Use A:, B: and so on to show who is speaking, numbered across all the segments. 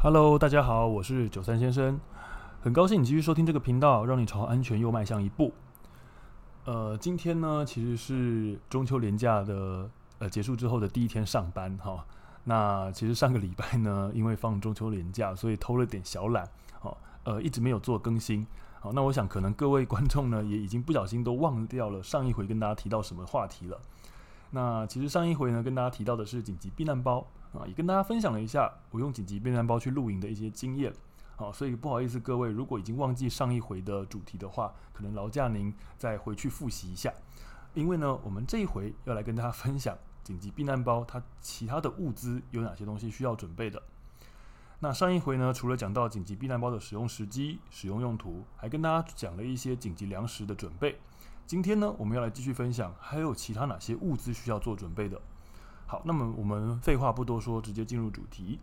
A: Hello，大家好，我是九三先生，很高興你繼續收聽這個頻道，讓你朝安全又邁向一步。呃，今天呢，其實是中秋連假的呃結束之後的第一天上班哈、哦。那其實上個禮拜呢，因為放中秋連假，所以偷了點小懶，哦，呃，一直沒有做更新。好、哦，那我想可能各位觀眾呢，也已經不小心都忘掉了上一回跟大家提到什麼話題了。那其實上一回呢，跟大家提到的是緊急避難包。啊，也跟大家分享了一下我用緊急避難包去露營的一些經驗。好，所以不好意思各位，如果已經忘記上一回的主題的話，可能勞駕您再回去複習一下。因為呢，我們這一回要來跟大家分享緊急避難包它其他的物資有哪些東西需要準備的。那上一回呢，除了講到緊急避難包的使用時機、使用用途，還跟大家講了一些緊急糧食的準備。今天呢，我們要來繼續分享還有其他哪些物資需要做準備的。好，那麼我們廢話不多說，直接進入主題。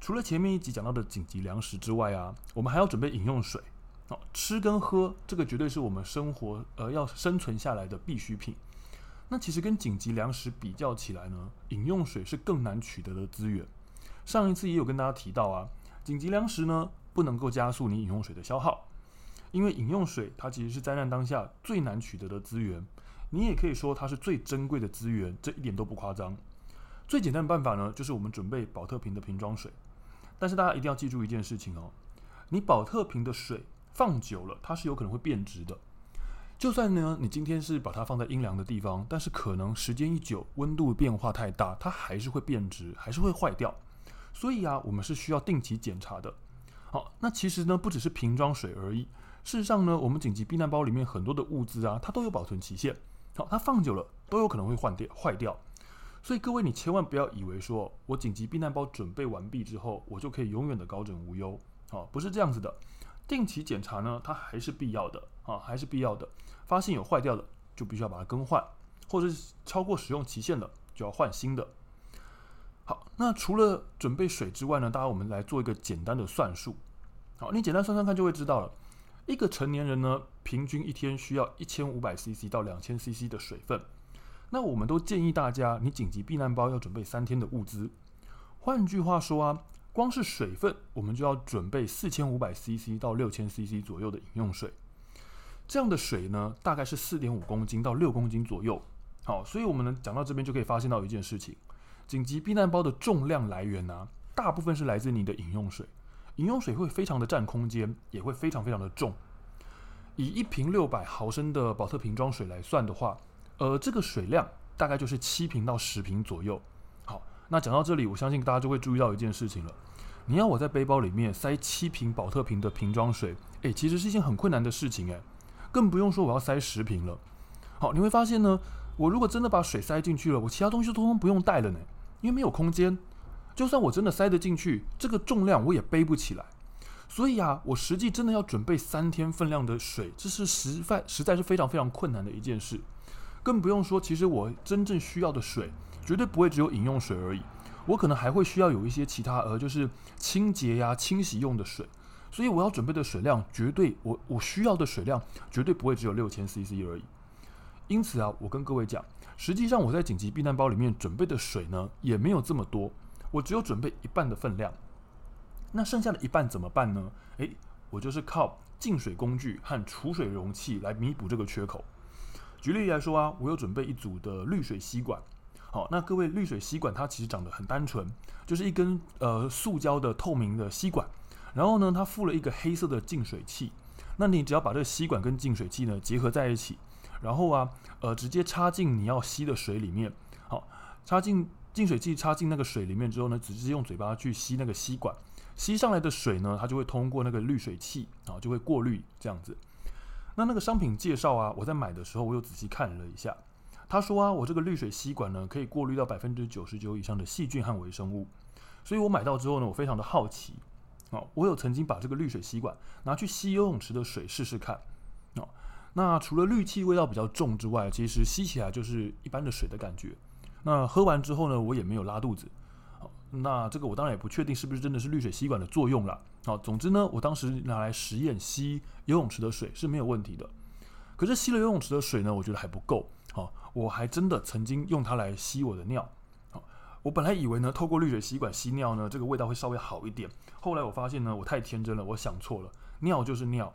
A: 除了前面一集講到的緊急糧食之外啊，我們還要準備飲用水。哦，吃跟喝這個絕對是我們生活呃要生存下來的必需品。那其實跟緊急糧食比較起來呢，飲用水是更難取得的資源。上一次也有跟大家提到啊，緊急糧食呢不能夠加速你飲用水的消耗，因為飲用水它其實是災難當下最難取得的資源。你也可以說它是最珍貴的資源，這一點都不誇張。最簡單的辦法呢，就是我們準備寶特瓶的瓶裝水。但是大家一定要記住一件事情哦，你寶特瓶的水放久了，它是有可能會變質的。就算呢，你今天是把它放在陰涼的地方，但是可能時間一久，溫度變化太大，它還是會變質，還是會壞掉。所以啊，我們是需要定期檢查的。好，那其實呢，不只是瓶裝水而已。事實上呢，我們緊急避難包裡面很多的物資啊，它都有保存期限。好，它放久了都有可能會壞掉，壞掉。所以各位，你千萬不要以為說我緊急避難包準備完畢之後，我就可以永遠的高枕無憂啊，不是這樣子的。定期檢查呢，它還是必要的啊，還是必要的。發現有壞掉的，就必須要把它更換，或者是超過使用期限的，就要換新的。好，那除了準備水之外呢，大家我們來做一個簡單的算術。好，你簡單算算看，就會知道了。一個成年人呢，平均一天需要一千五百 CC 到兩千 CC 的水分。那我們都建議大家，你緊急避難包要準備三天的物資。換句話說啊，光是水分，我們就要準備四千五百 CC 到六千 CC 左右的飲用水。這樣的水呢，大概是四點五公斤到六公斤左右。好，所以我們呢講到這邊，就可以發現到一件事情：緊急避難包的重量來源呢、啊，大部分是來自你的飲用水。飲用水會非常的佔空間，也會非常非常的重。以一瓶六百毫升的寶特瓶裝水來算的話，呃，這個水量大概就是七瓶到十瓶左右。好，那講到這裡，我相信大家就會注意到一件事情了。你要我在背包裡面塞七瓶寶特瓶的瓶裝水，誒，其實是一件很困難的事情，誒，更不用說我要塞十瓶了。好，你會發現呢，我如果真的把水塞進去了，我其他東西都通，通不用帶了呢，因為沒有空間。就算我真的塞得進去，這個重量我也背不起來。所以啊，我實際真的要準備三天分量的水，這是實在實在是非常非常困難的一件事。更不用說，其實我真正需要的水絕對不會只有飲用水而已，我可能還會需要有一些其他，呃，就是清潔呀、啊、清洗用的水。所以我要準備的水量絕對，我我需要的水量絕對不會只有六千 cc 而已。因此啊，我跟各位講，實際上我在緊急避難包裡面準備的水呢，也沒有這麼多。我只有準備一半的分量，那剩下的一半怎麼辦呢？誒、欸，我就是靠淨水工具和儲水容器來彌補這個缺口。舉例來說啊，我有準備一組的濾水吸管。好，那各位濾水吸管它其實長得很單純，就是一根呃塑膠的透明的吸管，然後呢，它附了一個黑色的淨水器。那你只要把這個吸管跟淨水器呢結合在一起，然後啊呃直接插進你要吸的水裡面，好插進。淨水器插進那個水裡面之後呢，只是用嘴巴去吸那個吸管，吸上來的水呢，它就會通過那個濾水器啊，就會過濾這樣子。那那個商品介紹啊，我在買的時候，我有仔細看了一下。他說啊，我這個濾水吸管呢，可以過濾到百分之九十九以上的細菌和微生物。所以我買到之後呢，我非常的好奇啊，我有曾經把這個濾水吸管拿去吸游泳池的水試試看啊。那除了氯氣味道比較重之外，其實吸起來就是一般的水的感覺。那喝完之後呢，我也沒有拉肚子。好，那這個我當然也不確定是不是真的是濾水吸管的作用啦。好，總之呢，我當時拿來實驗吸游泳池的水是沒有問題的。可是吸了游泳池的水呢，我覺得還不夠。好，我還真的曾經用它來吸我的尿。好，我本來以為呢，透過濾水吸管吸尿呢，這個味道會稍微好一點。後來我發現呢，我太天真了，我想錯了。尿就是尿，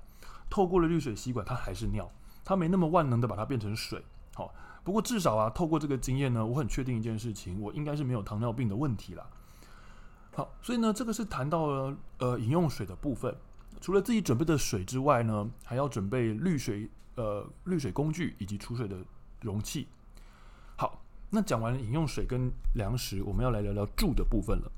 A: 透過了濾水吸管，它還是尿，它沒那麼萬能的把它變成水。好。不過至少啊，透過這個經驗呢，我很確定一件事情，我應該是沒有糖尿病的問題啦。好，所以呢，這個是談到了呃飲用水的部分。除了自己準備的水之外呢，還要準備濾水呃濾水工具以及儲水的容器。好，那講完飲用水跟糧食，我們要來聊聊住的部分了。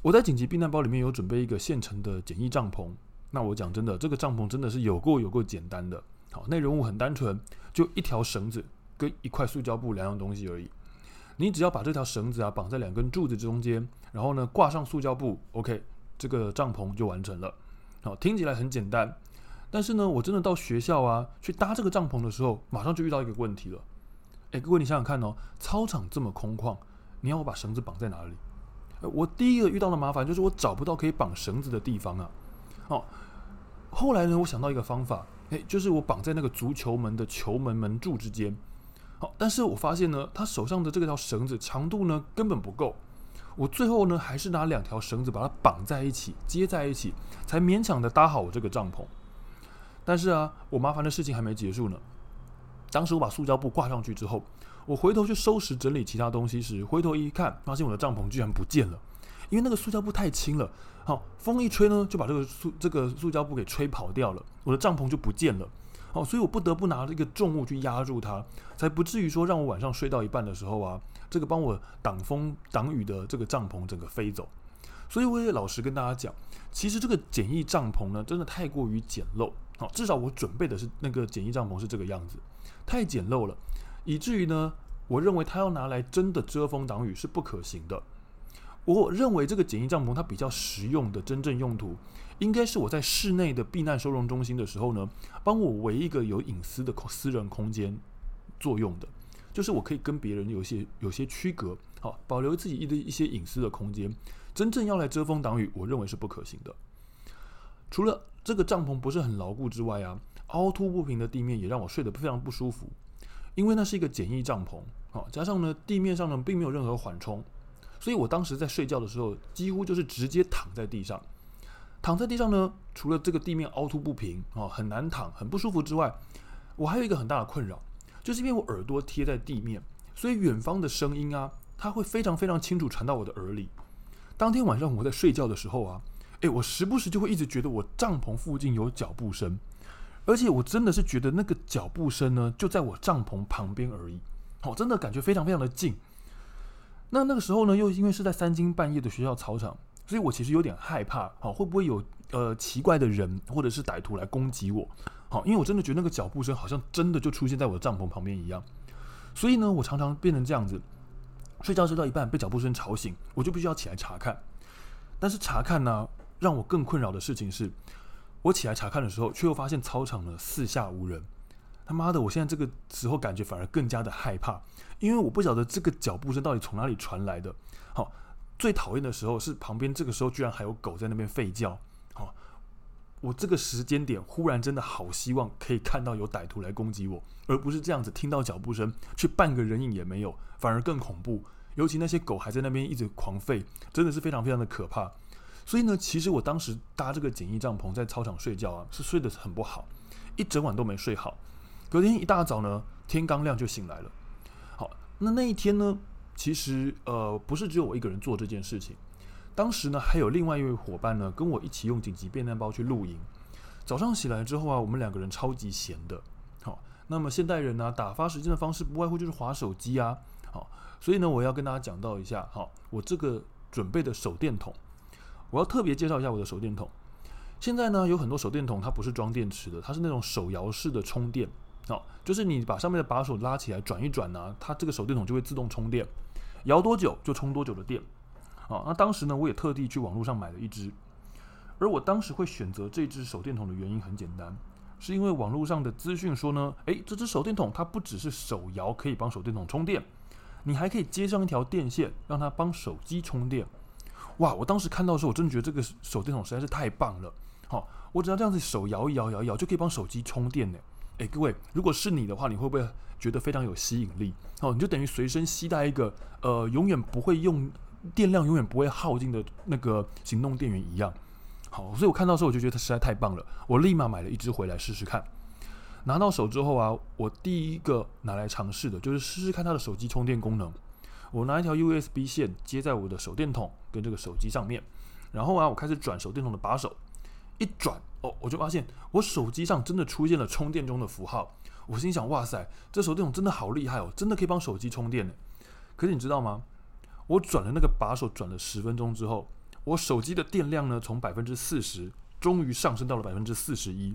A: 我在緊急避難包裡面有準備一個現成的簡易帳篷。那我講真的，這個帳篷真的是有夠有夠簡單的。好，內容物很單純，就一條繩子，跟一塊塑膠布兩樣東西而已，你只要把這條繩子啊綁在兩根柱子中間，然後呢掛上塑膠布，OK，這個帳篷就完成了。好，聽起來很簡單，但是呢，我真的到學校啊去搭這個帳篷的時候，馬上就遇到一個問題了。哎，各位，你想想看哦，操場這麼空曠，你要我把繩子綁在哪裡？哎，我第一個遇到的麻煩就是我找不到可以綁繩子的地方啊。哦，後來呢，我想到一個方法，哎，就是我綁在那個足球門的球門門柱之間。好，但是我發現呢，他手上的這條繩子長度呢根本不夠，我最後呢還是拿兩條繩子把它綁在一起，接在一起，才勉強的搭好我這個帳篷。但是啊，我麻煩的事情還沒結束呢。當時我把塑膠布掛上去之後，我回頭去收拾整理其他東西時，回頭一看，發現我的帳篷居然不見了，因為那個塑膠布太輕了，好，風一吹呢，就把這個塑這個塑膠布給吹跑掉了，我的帳篷就不見了。哦，所以我不得不拿這個重物去壓住它，才不至於說讓我晚上睡到一半的時候啊，這個幫我擋風擋雨的這個帳篷整個飛走。所以我也老實跟大家講，其實這個簡易帳篷呢，真的太過於簡陋。好，哦，至少我準備的是那個簡易帳篷是這個樣子，太簡陋了，以至於呢，我認為它要拿來真的遮風擋雨是不可行的。我認為這個簡易帳篷它比較實用的真正用途，應該是我在室內的避難收容中心的時候呢，幫我圍一個有隱私的私人空間作用的，就是我可以跟別人有些有些區隔，好保留自己一的一些隱私的空間。真正要來遮風擋雨，我認為是不可行的。除了這個帳篷不是很牢固之外啊，凹凸不平的地面也讓我睡得非常不舒服，因為那是一個簡易帳篷，好加上呢地面上呢並沒有任何緩衝。所以我當時在睡覺的時候，幾乎就是直接躺在地上。躺在地上呢，除了這個地面凹凸不平哦，很難躺，很不舒服之外，我還有一個很大的困擾，就是因為我耳朵貼在地面，所以遠方的聲音啊，它會非常非常清楚傳到我的耳裡。當天晚上我在睡覺的時候啊，誒、欸，我時不時就會一直覺得我帳篷附近有腳步聲，而且我真的是覺得那個腳步聲呢，就在我帳篷旁邊而已，好，真的感覺非常非常的近。那那個時候呢，又因為是在三更半夜的學校操場，所以我其實有點害怕，好，會不會有呃奇怪的人或者是歹徒來攻擊我？好，因為我真的覺得那個腳步聲好像真的就出現在我的帳篷旁邊一樣。所以呢，我常常變成這樣子，睡覺睡到一半被腳步聲吵醒，我就必須要起來查看。但是查看呢、啊，讓我更困擾的事情是，我起來查看的時候，卻又發現操場呢，四下無人。他媽的！我現在這個時候感覺反而更加的害怕，因為我不曉得這個腳步聲到底從哪裡傳來的。好，最討厭的時候是旁邊這個時候居然還有狗在那邊吠叫。好，我這個時間點忽然真的好希望可以看到有歹徒來攻擊我，而不是這樣子聽到腳步聲卻半個人影也沒有，反而更恐怖。尤其那些狗還在那邊一直狂吠，真的是非常非常的可怕。所以呢，其實我當時搭這個簡易帳篷在操場睡覺啊，是睡得很不好，一整晚都沒睡好。隔天一大早呢，天剛亮就醒來了。好，那那一天呢，其實呃不是只有我一個人做這件事情。當時呢，還有另外一位夥伴呢跟我一起用緊急避難包去露營。早上醒來之後啊，我們兩個人超級閒的。好，那麼現代人呢、啊，打發時間的方式不外乎就是滑手機啊。好，所以呢，我要跟大家講到一下，好，我這個準備的手電筒，我要特別介紹一下我的手電筒。現在呢，有很多手電筒它不是裝電池的，它是那種手搖式的充電。哦、oh,，就是你把上面的把手拉起來轉一轉呢、啊，它這個手電筒就會自動充電，搖多久就充多久的電。哦、oh,，那當時呢，我也特地去網絡上買了一支。而我當時會選擇這支手電筒的原因很簡單，是因為網絡上的資訊說呢，誒、欸，這支手電筒它不只是手搖可以幫手電筒充電，你還可以接上一條電線讓它幫手機充電。哇，我當時看到的時候，我真的覺得這個手電筒實在是太棒了。好、oh,，我只要這樣子手搖一搖搖一搖就可以幫手機充電呢、欸。誒、欸，各位，如果是你的話，你會不會覺得非常有吸引力？哦，你就等於隨身攜帶一個呃，永遠不會用電量永遠不會耗盡的那個行動電源一樣。好，所以我看到的時候我就覺得它實在太棒了，我立馬買了一支回來試試看。拿到手之後啊，我第一個拿來嘗試的就是試試看它的手機充電功能。我拿一條 USB 線接在我的手電筒跟這個手機上面，然後啊，我開始轉手電筒的把手。一轉哦，我就發現我手機上真的出現了充電中的符號。我心想：哇塞，這手電筒真的好厲害哦，真的可以幫手機充電。可是你知道嗎？我轉了那個把手，轉了十分鐘之後，我手機的電量呢，從百分之四十終於上升到了百分之四十一。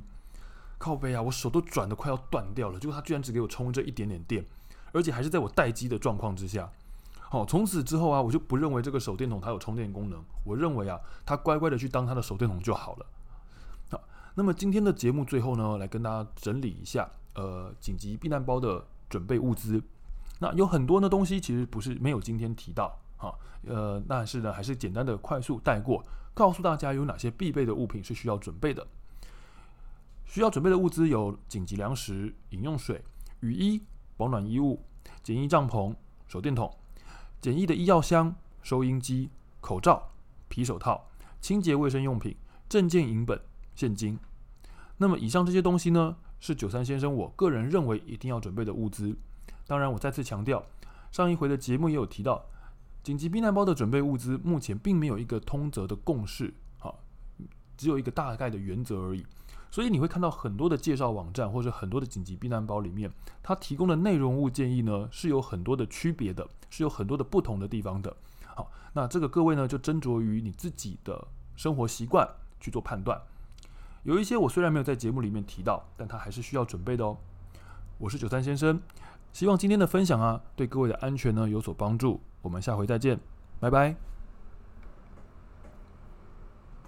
A: 靠北啊，我手都轉得快要斷掉了。結果它居然只給我充這一點點電，而且還是在我待機的狀況之下。哦，從此之後啊，我就不認為這個手電筒它有充電功能。我認為啊，它乖乖的去當它的手電筒就好了。那麼今天的節目最後呢，來跟大家整理一下，呃，緊急避難包的準備物資。那有很多的東西其實不是沒有今天提到，哈、啊，呃，但是呢，還是簡單的快速帶過，告訴大家有哪些必備的物品是需要準備的。需要準備的物資有：緊急糧食、飲用水、雨衣、保暖衣物、簡易帳篷、手電筒、簡易的醫藥箱、收音機、口罩、皮手套、清潔衛生用品、證件影本。現金。那麼以上這些東西呢，是九三先生我個人認為一定要準備的物資。當然，我再次強調，上一回的節目也有提到，緊急避難包的準備物資目前並沒有一個通則的共識，好，只有一個大概的原則而已。所以你會看到很多的介紹網站或者很多的緊急避難包裡面，它提供的內容物建議呢，是有很多的區別的，是有很多的不同的地方的。好，那這個各位呢，就斟酌於你自己的生活習慣去做判斷。有一些我雖然沒有在節目裡面提到，但它還是需要準備的哦。我是九三先生，希望今天的分享啊，對各位的安全呢，有所幫助。我們下回再見，拜拜。